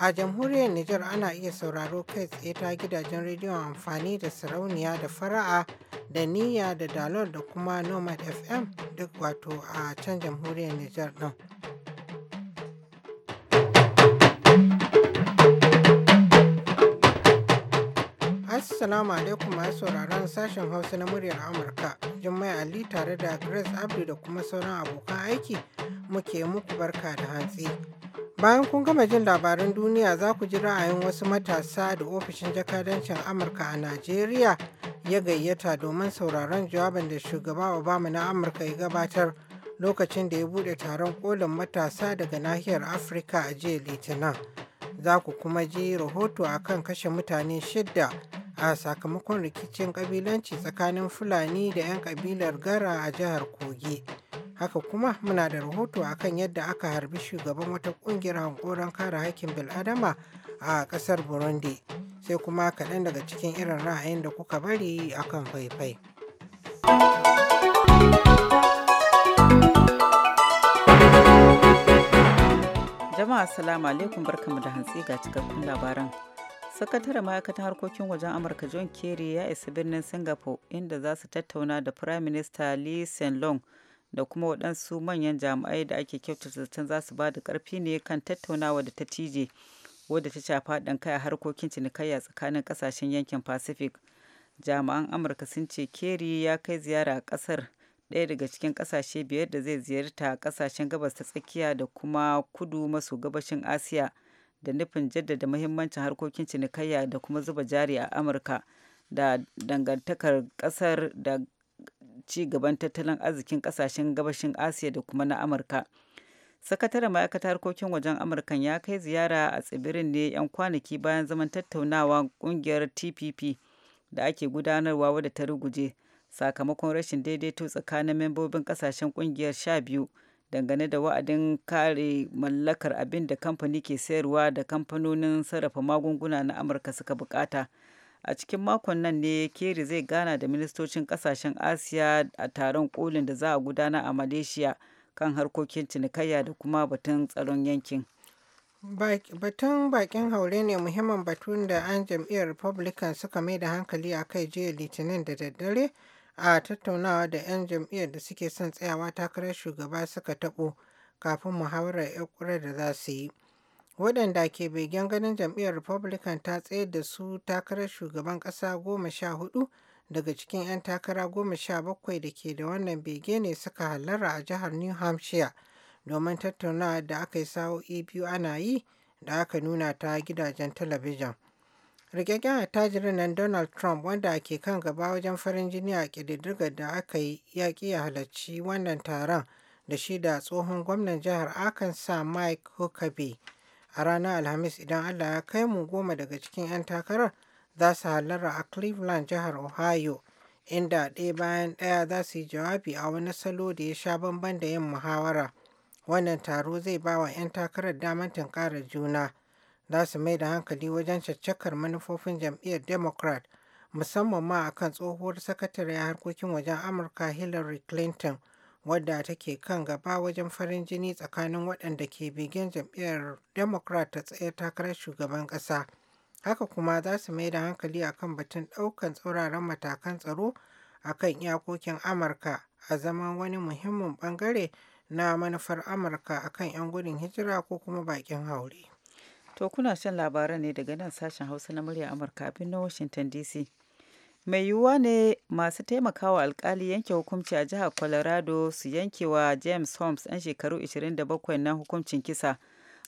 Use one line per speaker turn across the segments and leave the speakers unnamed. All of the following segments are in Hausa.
A jamhuriyar Nijar ana iya sauraro kai tsaye ta gidajen rediyon amfani da sarauniya da fara'a da niyya da dalol da kuma nomad fm duk wato a can jamhuriyar Nijar ɗin. Assalamu alaikum masu sauraron sashen Hausa na muryar Amurka. Jummai Ali tare da Grace Abdu da kuma sauran abokan aiki muke muku barka da hantsi. Bayan kun gama jin labaran duniya za ku ji ra'ayin wasu matasa da ofishin jakadancin Amurka a Najeriya ya gayyata domin sauraron jawabin da shugaba Obama na Amurka ya gabatar lokacin da ya bude taron kolin matasa daga nahiyar Afirka a jiya Litinin. Za ku kuma ji rahoto a kan kashe mutane shidda a sakamakon rikicin kabilanci tsakanin Fulani da 'yan kabilar Gara a jihar Kogi. Haka kuma muna da rahoto akan yadda aka harbi shugaban wata kungiyar hankoron kare haƙƙin bil'adama a ƙasar Burundi. Sai kuma kaɗan daga cikin irin ra'ayin da kuka bari akan faifai.
Jama'a salamu alaikum barkamu da hantsi ga cikakkun labaran. sakataren ma'aikatan harkokin wajen amurka john kerry ya isa birnin singapore inda za su tattauna da prime minister lee hsien long da kuma waɗansu manyan jami'ai da ake kyautata zaton za su ba da ƙarfi ne kan tattaunawa da ta tije wadda ta shafa kai a harkokin cinikayya tsakanin ƙasashen yankin pacific jami'an amurka sun ce keri ya kai ziyara a ƙasar ɗaya daga cikin ƙasashe biyar da zai ziyarta a ƙasashen gabas ta tsakiya da kuma kudu maso gabashin asiya da nufin jaddada mahimmancin harkokin cinikayya da kuma zuba jari a amurka da dangantakar ƙasar da ci gaban tattalin arzikin kasashen gabashin asiya da kuma na amurka sakataren ma'aikatar harkokin wajen amurkan ya kai ziyara a tsibirin ne 'yan kwanaki bayan zaman tattaunawa kungiyar tpp da ake gudanarwa wadda ta ruguje sakamakon rashin daidaito tsakanin membobin kasashen kungiyar sha biyu dangane da wa'adin kare mallakar abin da kamfani ke sayarwa da kamfanonin sarrafa magunguna na amurka suka bukata a cikin makon nan ne keri zai gana da ministocin kasashen asiya a taron kolin da za a gudana a malaysia kan harkokin cinikayya da kuma batun tsaron yankin
batun bakin haure ne muhimmin batun da an jam'iyyar republican suka mai da hankali a kai jiya litinin da daddare a tattaunawa da 'yan jam'iyyar da suke son tsayawa takarar shugaba suka taɓo kafin muhawarar 'yan da za su yi waɗanda ke begen ganin jam'iyyar republican ta tsayar da su takarar shugaban ƙasa goma sha hudu daga cikin 'yan takara goma sha bakwai da ke da wannan bege ne suka hallara a jihar new hampshire domin tattaunawa da aka yi sa'o'i biyu ana yi da aka nuna ta gidajen talabijin rikakken attajirin nan donald trump wanda ke kan gaba wajen farin jini a ƙididdigar da aka yi yaƙi ya halarci wannan taron da shi da tsohon gwamnan jihar Akan sa mike huckabee A ranar Alhamis idan Allah ya kai mu goma daga cikin 'yan takarar za su halarra a Cleveland jihar Ohio inda ɗaya bayan ɗaya za su yi jawabi a wani salo da ya sha bamban da yin muhawara. Wannan taro zai ba wa 'yan takarar damar tunkara juna. Za su mai da hankali wajen caccakar manufofin jam'iyyar Democrat musamman ma akan tsohuwar sakatare harkokin wajen Amurka Hillary Clinton. wadda take kan gaba wajen farin jini tsakanin waɗanda ke begen jam'iyyar democrat ta tsaye takarar shugaban ƙasa haka kuma za su mai da hankali a kan batun ɗaukan tsauraran matakan tsaro a kan iyakokin amurka a zaman wani muhimmin ɓangare na manufar amurka a kan 'yan gudun hijira ko kuma baƙin haure to kuna shan
labaran ne daga nan sashen hausa na murya amurka a na washington dc mai yiwuwa ne masu taimakawa alkali yanke hukunci a jihar colorado su yanke wa james holmes ɗan shekaru 27 na hukuncin kisa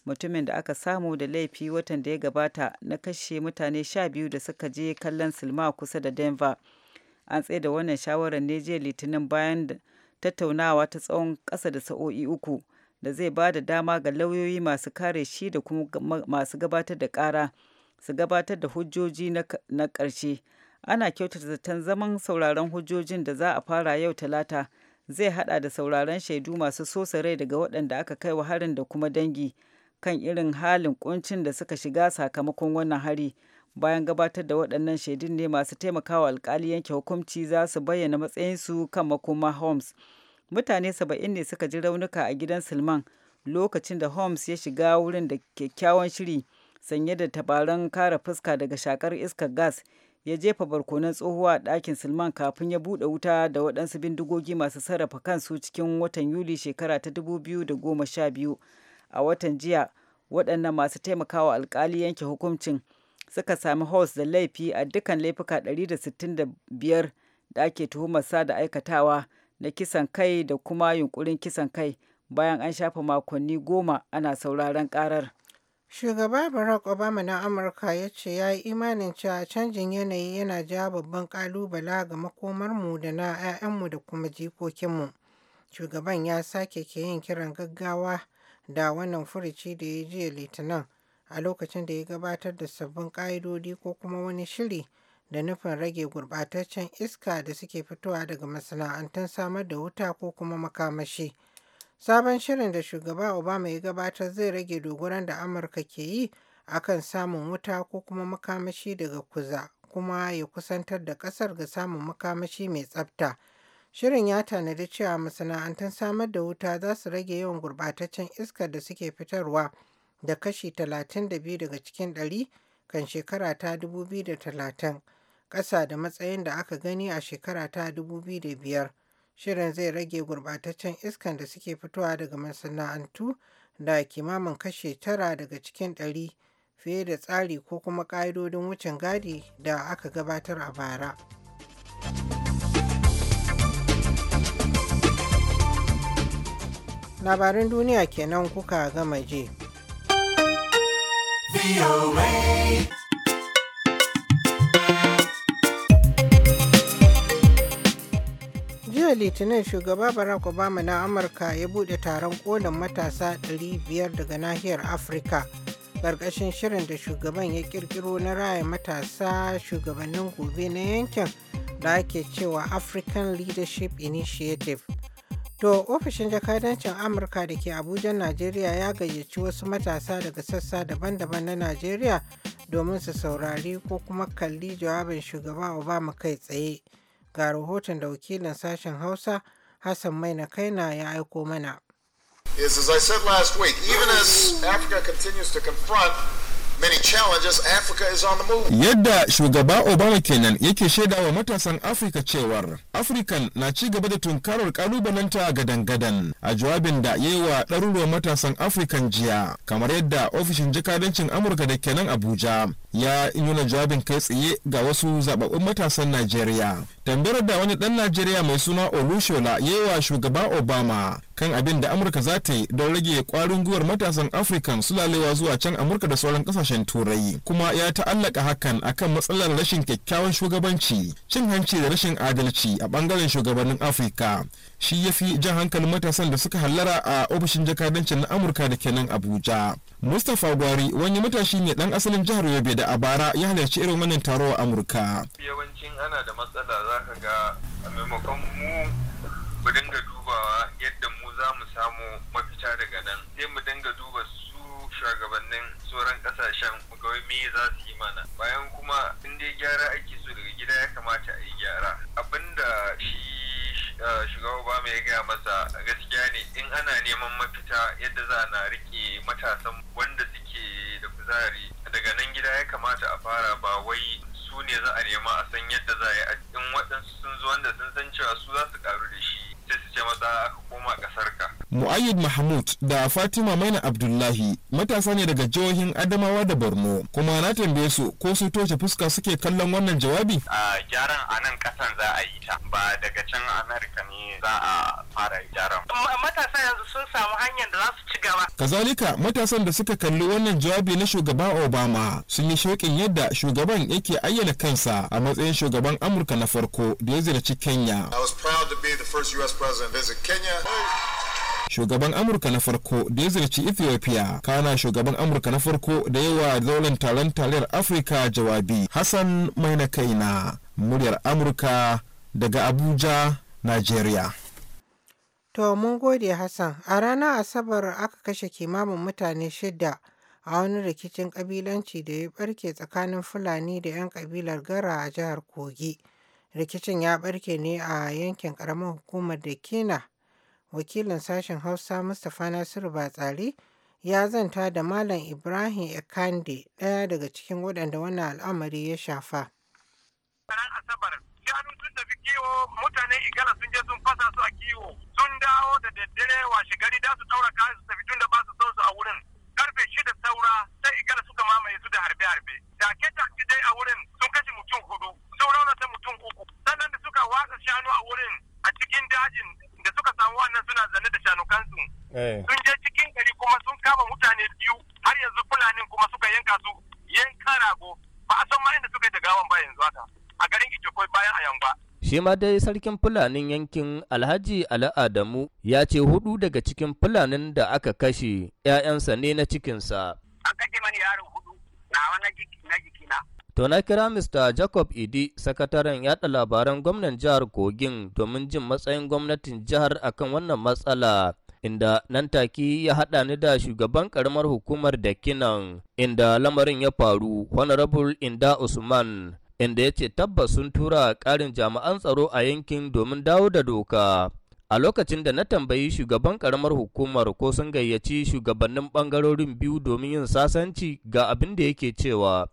mutumin da aka samu da laifi watan da ya gabata na kashe mutane 12 da suka je kallon silma kusa da denver an da wannan shawarar ne jiya litinin bayan tattaunawa ta tsawon kasa da sa'o'i uku da zai ba da dama ga lauyoyi masu kare shi da kuma masu gabatar da ƙara su gabatar da hujjoji na ƙarshe ana kyautata zaton zaman sauraron hujjojin da za a fara yau talata zai hada da sauraron shaidu masu sosa rai daga waɗanda aka kai wa harin da kuma dangi kan irin halin kuncin da suka shiga sakamakon wannan hari bayan gabatar da waɗannan shaidun ne masu taimakawa alkali yanke hukunci za su bayyana matsayinsu kan makoma holmes mutane saba'in ne suka ji raunuka a gidan silman lokacin da holmes ya shiga wurin da kyakkyawan shiri sanye da tabaran kare fuska daga shakar iskar gas ya jefa barkonon tsohuwa a ɗakin Sulman kafin ya buɗe wuta da waɗansu bindigogi masu sarrafa kansu cikin watan Yuli shekara ta 2012. A watan jiya, waɗannan masu taimakawa alkali yanke hukuncin suka sami House da laifi a dukkan laifuka 165 da ake tuhumarsa da aikatawa na kisan kai da kuma yunkurin kisan kai bayan an shafa makonni goma ana sauraron ƙarar.
Shugaba Barack Obama na Amurka ya ce ya yi imanin cewa canjin yanayi yana jawo babban kalubala ga makomarmu da na 'ya'yanmu da kuma jikokinmu. Shugaban ya sake ke yin kiran gaggawa da wannan furuci da ya jiya Litinin a lokacin da ya gabatar da sabbin ƙa'idodi ko kuma wani shiri da nufin rage gurɓataccen iska da suke fitowa daga masana'antun samar da wuta ko kuma makamashi. Sabon shirin da Shugaba Obama ya gabatar zai rage dogaron da Amurka ke yi a kan samun wuta ko kuma makamashi daga kuza kuma ya kusantar da ƙasar ga samun makamashi mai tsafta. Shirin ya tanadi cewa masana'antar samar da wuta za su rage yawan gurbataccen iskar da suke fitarwa da kashi 32 daga cikin 100 kan shekara ta 2030, ƙasa da matsayin da aka gani a shekara ta 2005. Shirin zai rage gurbataccen iskan da suke fitowa daga masana'antu da kimamin kashe tara daga cikin ɗari fiye da tsari ko kuma ƙa'idodin wucin gadi da aka gabatar a bara. Labarin duniya kenan kuka gama je. litinin shugaba barack obama na amurka ya bude taron kolin matasa 500 daga nahiyar afirka ƙarƙashin shirin da shugaban ya kirkiro na raya matasa shugabannin gobe na yankin da ake cewa african leadership initiative to ofishin jakadancin amurka da ke abuja najeriya ya gayyaci wasu matasa daga sassa daban-daban na najeriya domin su saurari ko kuma kalli jawabin shugaba obama kai tsaye ga rahoton da wakilin sashen Hausa Hassan Maina Kaina ya aiko mana.
Is as I Africa continues to confront many challenges, Africa Yadda shugaba Obama kenan yake shaida wa matasan Afirka cewar afirkan na ci gaba da tunkarar kalubalenta gadan-gadan a jawabin da ya yi wa ɗaruruwan matasan African jiya, kamar yadda ofishin jikadancin Amurka da kenan Abuja ya nuna jawabin kai tsaye ga wasu zababbun matasan Najeriya. Tambayar da wani ɗan Najeriya mai suna Olushola wa shugaba Obama kan abin da Amurka za ta yi don rage kwarin gwiwar matasan African sulalewa zuwa can Amurka da sauran ƙasashen Turai. Kuma ya ta'allaka hakan akan matsalar rashin kyakkyawan shugabanci, cin hanci da rashin adalci a ɓangaren shugabannin afirka Shi ya fi jan hankalin matasan da suka hallara a ofishin jakadancin na Amurka da kenan Abuja. Mustapha Gwari wani matashi ne ɗan asalin jihar Yobe da da a bara ya halarci irin wannan taro a amurka
yawancin ana da matsala za ka ga a maimakon mu mu dinga dubawa yadda mu za mu samu mafita daga nan sai mu dinga duba su shugabannin sauran kasashen ga me za su yi mana bayan kuma in dai gyara ake so daga gida ya kamata a yi gyara abinda shi uh, shugaba ba ya gaya masa gaskiya ne in ana neman mafita yadda za na rike matasan wanda suke da kuzari daga nan gida ya kamata a fara ba wai su ne za a nema a san yadda za a yi in waɗansu
sun zo wanda sun san cewa su za su karu da shi sai su ce masa aka koma ƙasar ka Mu'ayyid Mahmud da Fatima Maina Abdullahi matasa ne daga jihohin Adamawa da Borno kuma na tambaye su ko su toshe fuska suke kallon wannan jawabi?
A gyaran a nan kasan za a yi ta ba daga can Amerika ne za a fara gyaran. Matasa yanzu sun samu hanyar da za su
ci gaba. Kazalika matasan da suka kalli wannan jawabi na shugaba Obama sun yi shauƙin yadda shugaban yake ayyana kansa a matsayin shugaban Amurka na farko da ya ziyarci Kenya. I was proud to be the Kenya. shugaban amurka na farko da ya ziyarci ethiopia kana shugaban amurka na farko da yawa zauren taron tarayyar afirka jawabi hassan mai na kai na muryar amurka daga abuja nigeria
to mun gode hassan a ranar asabar aka kashe kimamin mutane shida a wani rikicin kabilanci da ya barke tsakanin fulani da 'yan kabilar gara a jihar kogi rikicin ya barke ne a yankin karamin hukumar da kina wakilin sashen hausa mustapha nasiru batsari ya zanta da malam ibrahim ekande ɗaya daga cikin waɗanda wannan al'amari ya shafa ranar asabar shanu sun tafi
kiwo mutane igala sun je sun fasa su a kiwo sun dawo da daddare washe gari da su taura kayan su tafi tun da ba su son su a wurin karfe shida saura sai igala suka mamaye su da harbe harbe take take dai a wurin sun kashe mutum hudu sun raunata mutum uku sannan da suka watsa shanu a wurin a cikin dajin da suka samu wannan suna zane da shanukansu eh. sun je cikin gari kuma sun kama mutane biyu har yanzu fulanin kuma suka yanka su yanka rago ba a san ma inda suka yi da gawan ba yanzu haka a garin Ijokoi bayan ba.
Shi ma dai sarkin Fulanin yankin Alhaji Ali Adamu ya ce hudu daga cikin Fulanin da aka kashe ‘ya'yansa ne na cikinsa. An kashe mani yaro hudu na wani na jikina. To na kira Mr. Jacob Idi, sakataren yaɗa labaran gwamnan jihar Kogin domin jin matsayin gwamnatin jihar akan wannan matsala. Inda nan take ya haɗa ni da shugaban ƙaramar hukumar da kinan, inda lamarin ya faru, Honorable Inda Usman, inda ya ce tabbas sun tura ƙarin jami'an tsaro a yankin domin dawo da doka. A lokacin da na tambayi shugaban ƙaramar hukumar ko sun gayyaci shugabannin ɓangarorin biyu domin yin sasanci ga abin da yake cewa.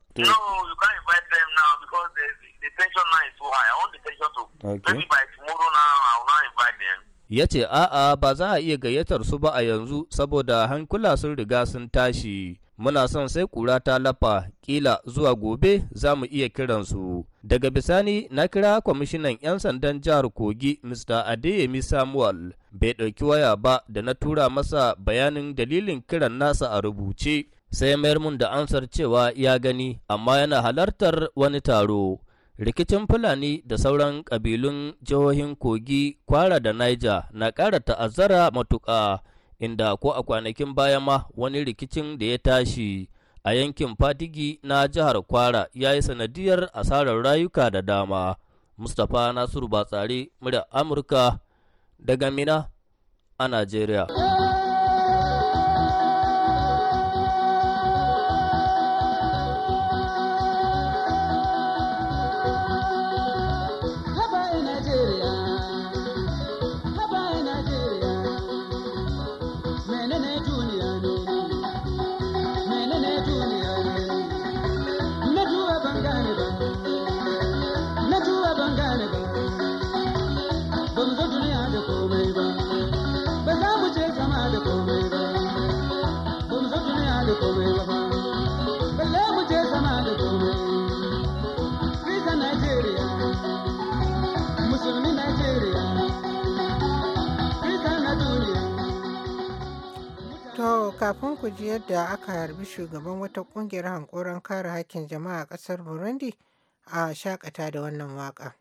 Ya ce a'a ba za a iya gayyatar su ba a yanzu saboda hankula sun riga sun tashi. Muna son sai kura ta lafa kila zuwa gobe za mu iya kiransu. Daga bisani na kira kwamishinan 'yan sandan jihar Kogi Mr. Adeyemi Samuel bai ɗauki waya ba da na tura masa bayanin dalilin kiran nasa a rubuce sai mayar mun da ansar cewa ya gani amma yana halartar wani taro. Rikicin Fulani da sauran ƙabilun jihohin Kogi, Kwara da Niger na ƙara ta'azzara matuƙa, inda ko a kwanakin baya ma wani rikicin da ya tashi a yankin Fatigi na jihar Kwara ya yi sanadiyar asarar rayuka da dama. Mustapha Nasiru Batsari, murya Amurka daga Mina a Najeriya.
To kafin ku ji yadda aka harbi shugaban wata kungiyar hankoron kare hakkin jama'a a ƙasar Burundi a shakata da wannan waka.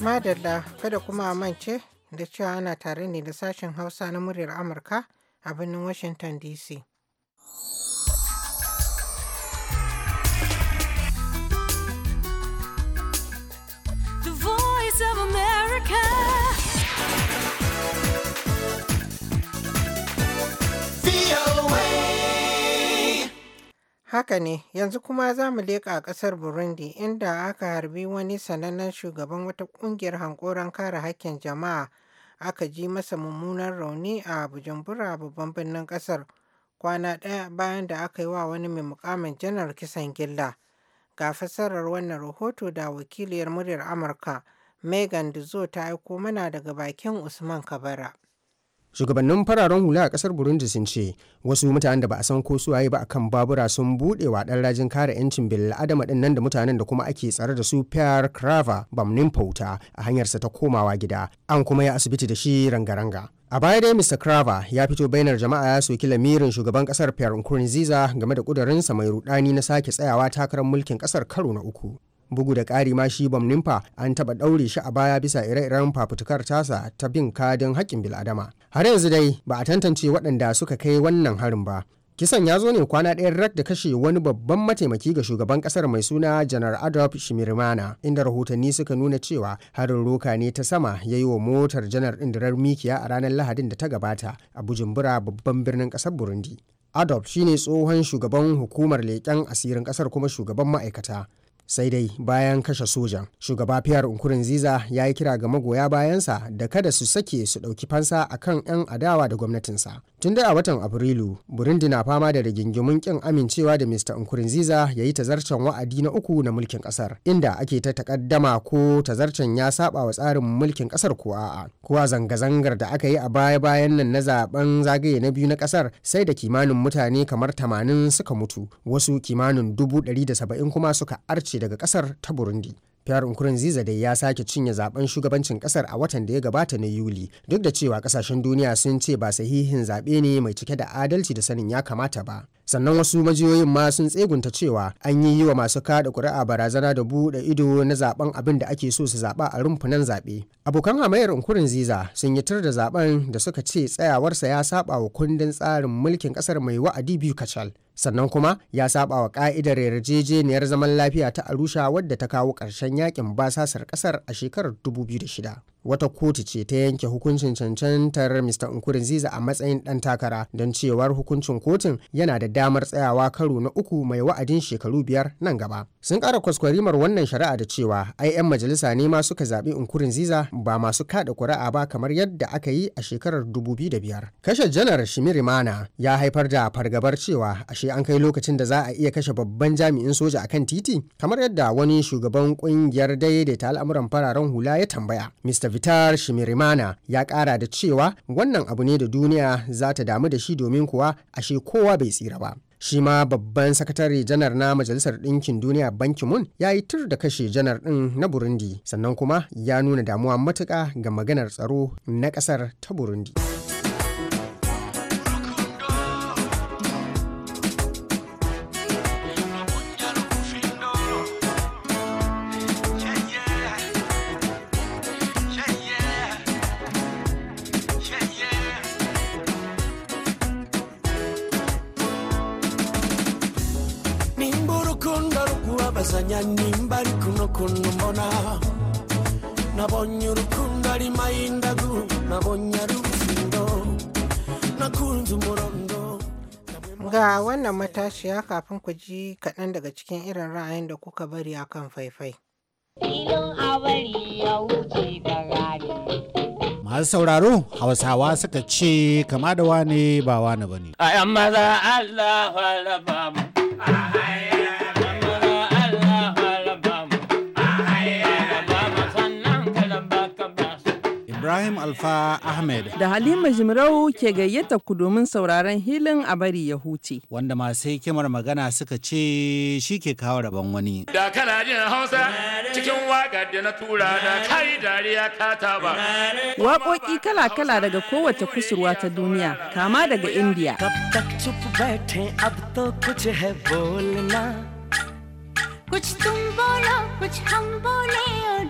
Madalla kada kuma mance da cewa ana tare ne da sashen Hausa na muryar Amurka a birnin Washington DC.
The Voice America.
Haka ne, yanzu kuma za mu leƙa ƙasar Burundi inda aka harbi wani sanannen shugaban wata ƙungiyar hankoron kare haƙƙin jama'a aka ji masa mummunan rauni a Bujumbura babban birnin ƙasar kwana ɗaya bayan da aka yi wa wani mai mukamin janar kisan gilla. Ga fassarar wannan rahoto da wakiliyar muryar Amurka Megan Dizo ta aiko mana daga bakin Usman Kabara.
shugabannin fararen hula a kasar burundi sun ce wasu mutanen da ba a san ko suwaye ba akan babura sun bude wa ɗan rajin kare 'yancin adama ɗin nan da mutanen da kuma ake tsare da su pierre crava bamnin fauta a hanyarsa ta komawa gida an kuma ya asibiti da shi rangaranga. a baya dai mr crava ya fito bainar jama'a ya soki lamirin shugaban kasar pierre nkurunziza game da kudurinsa mai rudani na sake tsayawa takarar mulkin kasar karo na uku bugu da ƙari ma shi bam nimfa an taɓa ɗaure shi a baya bisa ire-iren fafutukar tasa ta bin kadin haƙƙin bil'adama har yanzu dai ba a tantance waɗanda suka kai wannan harin ba kisan ya zo ne kwana ɗaya rak da kashe wani babban mataimaki ga shugaban ƙasar mai suna janar adolf shimirmana inda rahotanni suka nuna cewa harin roka ne ta sama ya yi wa motar janar ɗin indirar mikiya a ranar lahadin da ta gabata a bujumbura babban birnin ƙasar burundi adolf shine tsohon shugaban hukumar leƙen asirin ƙasar kuma shugaban ma'aikata sai dai bayan kashe sojan shugaba fiyar unkurin ziza ya yi kira ga magoya bayansa da kada su sake su ɗauki fansa akan 'yan adawa da gwamnatinsa tun dai a watan afrilu burundi na fama da rigingimun kin amincewa da mr nkurunziza ya yi tazarcen wa'adi na uku na mulkin kasar inda ake ta takaddama ko tazarcen ya saba wa tsarin mulkin kasar ko a'a kuwa zanga-zangar da aka yi a baya-bayan nan na zaben zagaye na biyu na kasar sai da kimanin mutane kamar tamanin suka mutu wasu kimanin dubu ɗari da saba'in kuma suka arce daga kasar ta burundi Pierre Nkurunziza dai ya sake cinye zaben shugabancin kasar a watan da ya gabata na Yuli duk da cewa kasashen duniya sun ce ba sahihin zaɓe ne mai cike da adalci da sanin ya kamata ba. Sannan wasu majiyoyin ma sun tsegunta cewa an yi yi wa masu kada ƙuri'a barazana da buɗe ido na zaben abin da ake so su zaɓa a rumfunan zaɓe. Abokan hamayar Ziza sun yi tar da zaben da suka ce tsayawarsa ya saɓa wa kundin tsarin mulkin ƙasar mai wa'adi biyu kacal. sannan kuma ya saba wa ka'idar yarjejeniyar zaman lafiya ta arusha wadda ta kawo ƙarshen yakin basasar ƙasar a shekarar 2006 wata kotu ce ta yanke hukuncin cancantar mr nkurunziza a matsayin dan takara don cewar hukuncin kotun yana da damar tsayawa karo na uku mai wa'adin shekaru biyar nan gaba sun kara kwaskwarimar wannan shari'a da cewa ai 'yan majalisa ne ma suka zaɓi nkurunziza ba masu kada kuri'a ba kamar yadda aka yi a shekarar dubu biyu da biyar. kashe janar shimirimana ya haifar da fargabar cewa ashe an kai lokacin da za a iya kashe babban jami'in soja a kan titi kamar yadda wani shugaban kungiyar daidaita al'amuran fararen hula ya tambaya mr vitar shimirimana ya kara da cewa wannan abu ne da duniya za ta damu da shi domin kuwa ashe kowa bai tsira ba shi ma babban sakatare janar na majalisar ɗinkin duniya banki mun ya yi tur da kashe janar ɗin na burundi sannan kuma ya nuna damuwa matuƙa ga maganar tsaro na ƙasar ta burundi.
nanya nimba kuno uno kuntu mbona nabonye urukundo ari mayindagu nabonye ari urusindo nakunze umurondo
ga wannan matashiya kafin ku ji kaɗan daga cikin irin ra'ayin da kuka bari a kan faifai.
Masu sauraro Hausawa suka ce kama da wane ba wane ba ne.
A 'yan maza Allah ba mu.
Ibrahim Alfa Ahmed.
Da
Halima Jimarau ke gayyata ku domin sauraron hilin a bari ya huce.
Wanda masu hikimar magana suka ce shi ke kawo rabon wani.
Da kana jin Hausa cikin waka da na tura da kai dariya ka taba.
Waƙoƙi kala-kala daga kowace kusurwa ta duniya
kama daga India. kuch tum
bolo kuch hum बोले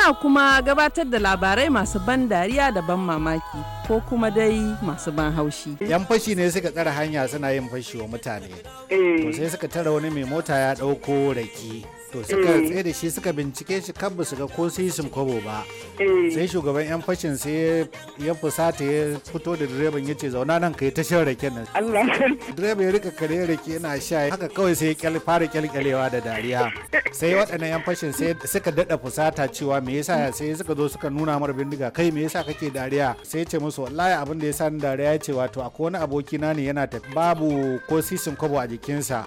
Muna
kuma gabatar da labarai masu ban dariya da ban mamaki ko kuma dai masu ban haushi. Yan fashi ne suka tsara hanya suna yin fashi wa mutane. Eh. sai suka tara wani mai mota ya ɗauko rake. to suka mm. tsaye da shi suka bincike shi kan ba su ga ko shi kwabo ba mm. sai shugaban yan fashin sai ya fusata ya fito da direban ya ce zauna nan kai yi ta shan rake nan direban ya rika kare rake yana sha haka kawai sai ya fara kyalkyalewa da dariya sai waɗannan yan fashin sai suka daɗa fusata cewa me yasa sai suka zo suka nuna mara bindiga kai me yasa kake dariya sai ya ce musu wallahi abin da ya sa ni dariya ya ce wato akwai wani aboki na ne yana tafi babu ko sisin kwabo a jikinsa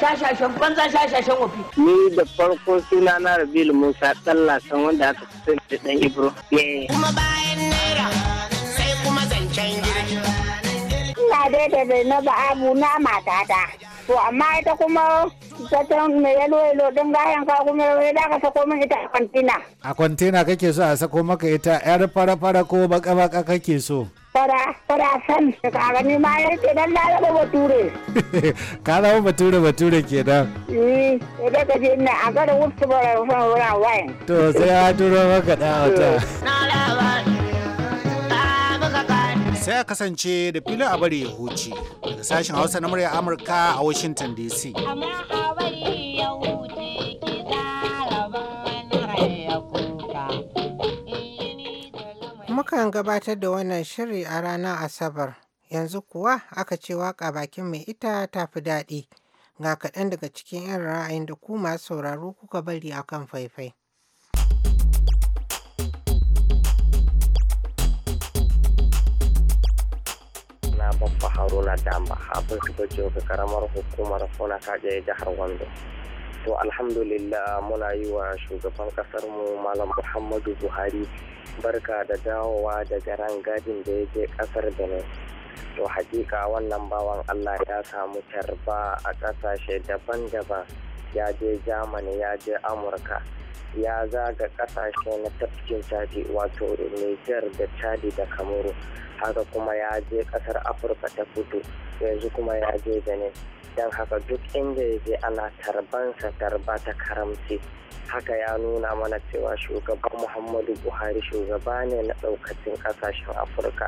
shashashen banza shashashen wafi. Ni da farko suna na Rabilu Musa tsalla san wanda aka fi da ɗan Ibro. Kuma bayan naira
sai kuma zancen girki. Ina dai da Zainabu Abu na matata. To amma ita kuma
zaton mai yalo yalo don gayan ka kuma yalo da ka sako min ita a kwantina.
A kwantina kake so a sako maka ita yar fara fara ko baka baka kake so.
farasan kakanni ma ya ce dan na zama bature.
ka zama bature bature ke nan.
Eh, idan ka je ina a kada wuce bara rufan wuran wayan.
To sai ya turo maka da Sai a kasance da filin a bari ya huce daga sashen Hausa na murya Amurka a Washington DC. Amma a bari
Mukan gabatar da wannan shiri a ranar Asabar, yanzu kuwa aka ce waƙa bakin mai ita ta fi daɗi. Ga kaɗan daga cikin 'yan ra'ayin da ku masu sauraro kuka bari a kan faifai.
na babba haruna damba abin su ga karamar hukumar funa kaje jihar wando to alhamdulillah muna yi wa shugaban kasar mu malam muhammadu buhari barka da dawowa daga rangadin da ya je kasar benin to hakika wannan bawan allah ya samu tarba a kasashe daban-daban ya je jamani ya je amurka ya zaga kasashe na tafkin chadi wato niger da chadi da kamaru haka kuma ya je kasar afirka ta kudu yanzu kuma ya je benin don haka duk inda ya je ana tarbansa tarba ta karamci haka ya nuna mana cewa shugaban muhammadu buhari shugaba ne na daukacin kasashen afirka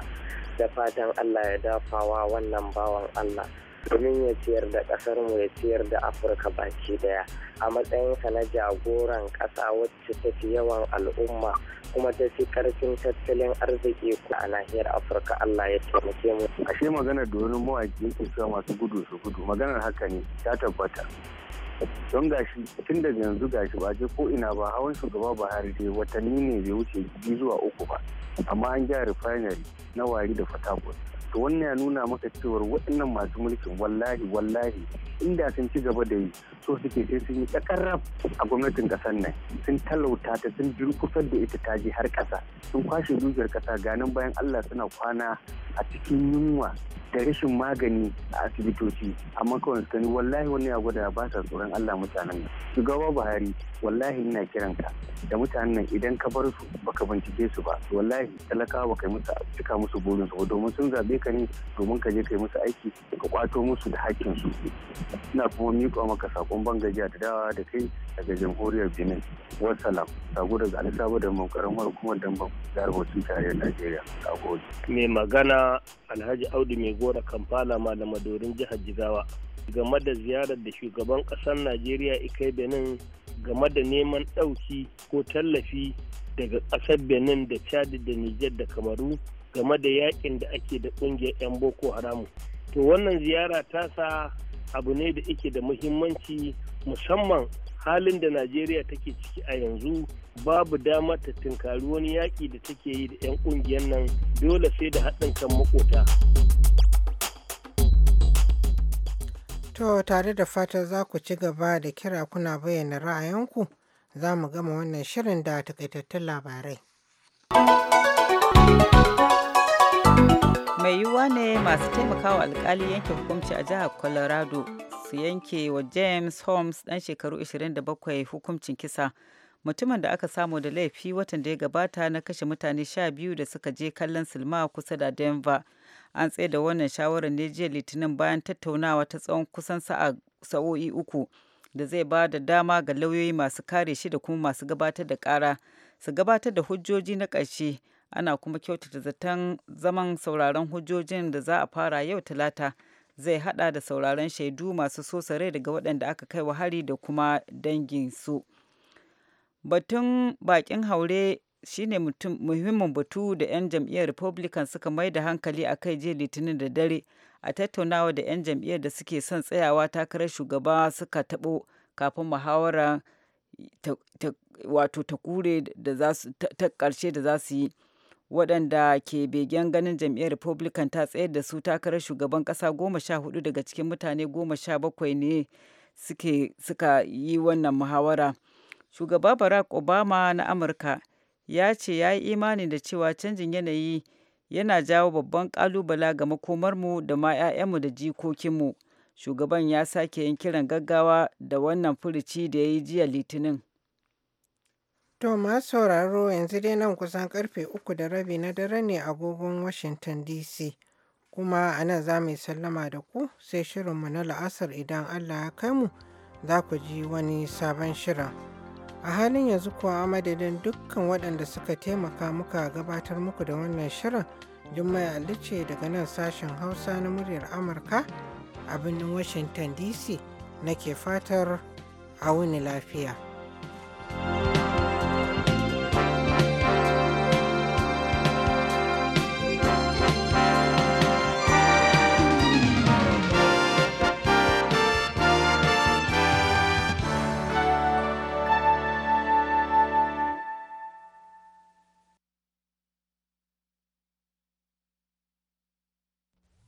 da fatan allah ya dafawa wannan bawan allah domin ya ciyar da mu ya ciyar da afirka baki daya a matsayinsa na jagoran ƙasa wacce ta fi yawan al'umma kuma ta fi ƙarfin tattalin arziki a nahiyar afirka allah ya taimake
mu ashe maganar domin mawaki mawaƙi yake cewa masu gudu su gudu maganar haka ne ta tabbata don gashi tun daga yanzu gashi ba je ko ina ba hawan shugaba buhari dai watanni ne bai wuce biyu zuwa uku ba amma an gyara refinery na wari da fatakwal to wannan ya nuna masa cewar waɗannan masu mulkin wallahi wallahi inda sun ci gaba da yi so suke sai sun yi kakarraf a gwamnatin ƙasar nan sun talauta ta sun durkusar da ita taji har ƙasa sun kwashe dukiyar ƙasa ganin bayan allah suna kwana a cikin yunwa da rashin magani a asibitoci amma kawai gani wallahi wani ya gwada ba sa tsoron Allah mutanen nan shugaba Buhari wallahi ina kiran ka da mutanen nan idan ka bar su baka bincike su ba wallahi talakawa baka musu cika musu burin su domin sun zabe ka ne domin ka je ka yi musu aiki ka kwato musu da su ina kuma miƙa maka sakon ban gajiya da dawa da kai daga jamhuriyar benin wasalam sago daga alisaba da mamkaramar hukumar damban jihar bauchi tarayyar najeriya gode. mai magana alhaji audu mai gora kamfala dorin jihar jigawa game da ziyarar da shugaban ƙasar najeriya ikai benin game da neman ɗauki ko tallafi daga ƙasar benin da chad da niger da kamaru game da yakin da ake da kungiyar 'yan boko haramu to wannan ziyara ta sa abu ne da ike da muhimmanci musamman halin da najeriya take ciki a yanzu babu dama ta tunkari wani yaƙi da take yi da 'yan kungiyar nan dole sai da haɗin kan makota
to tare da fata za ku ci gaba da kira kuna bayyana ra'ayinku za mu gama wannan shirin da takaitattun labarai
mai yiwuwa ne masu taimakawa alkali yanke hukunci a jihar colorado su yanke wa james holmes dan shekaru 27 hukuncin kisa mutumin da aka samu da laifi watan da ya gabata na kashe mutane 12 da suka je kallon silma kusa da denver an tsaye da wannan shawarar ne jiya litinin bayan tattaunawa ta tsawon kusan sa'a sa'o'i uku da zai ba da dama ga lauyoyi masu kare shi da kuma masu gabatar da kara su gabatar da hujjoji na ƙarshe ana kuma kyautata zaton zaman sauraron hujjojin da za a fara yau talata zai hada da sauraron shaidu masu sosa rai daga waɗanda aka kai wa hari da kuma dangin su batun bakin haure shine muhimmin batu da 'yan jam'iyyar republican suka mai da hankali a kai jiya litinin da dare a tattaunawa da 'yan jam'iyyar da suke son tsayawa takarar shugaba suka taɓo kafin muhawara wato ta kure ta ƙarshe da za su yi waɗanda ke begen ganin jam'iyyar republican ta tsayar da su takarar shugaban ƙasa goma sha hudu daga cikin mutane goma sha bakwai ne suka yi wannan muhawara shugaba barack obama na amurka ya ce ya yi imani da cewa canjin yanayi yana jawo babban ƙalubala ga makomarmu da ma 'ya'yanmu da jikokinmu shugaban ya sake yin kiran gaggawa da wannan furuci da ya yi jiya litinin
To masu sauraro yanzu dai nan kusan karfe uku da rabi na dare ne agogon Washington DC. Kuma a nan za mu sallama da ku sai shirinmu na la'asar idan Allah ya kai mu za ku ji wani sabon shirin. A halin yanzu kuwa a madadin dukkan waɗanda suka taimaka muka gabatar muku da wannan shirin Jummai Alice daga nan sashen Hausa na muryar Amurka a birnin Washington DC nake fatar a wuni lafiya. thank you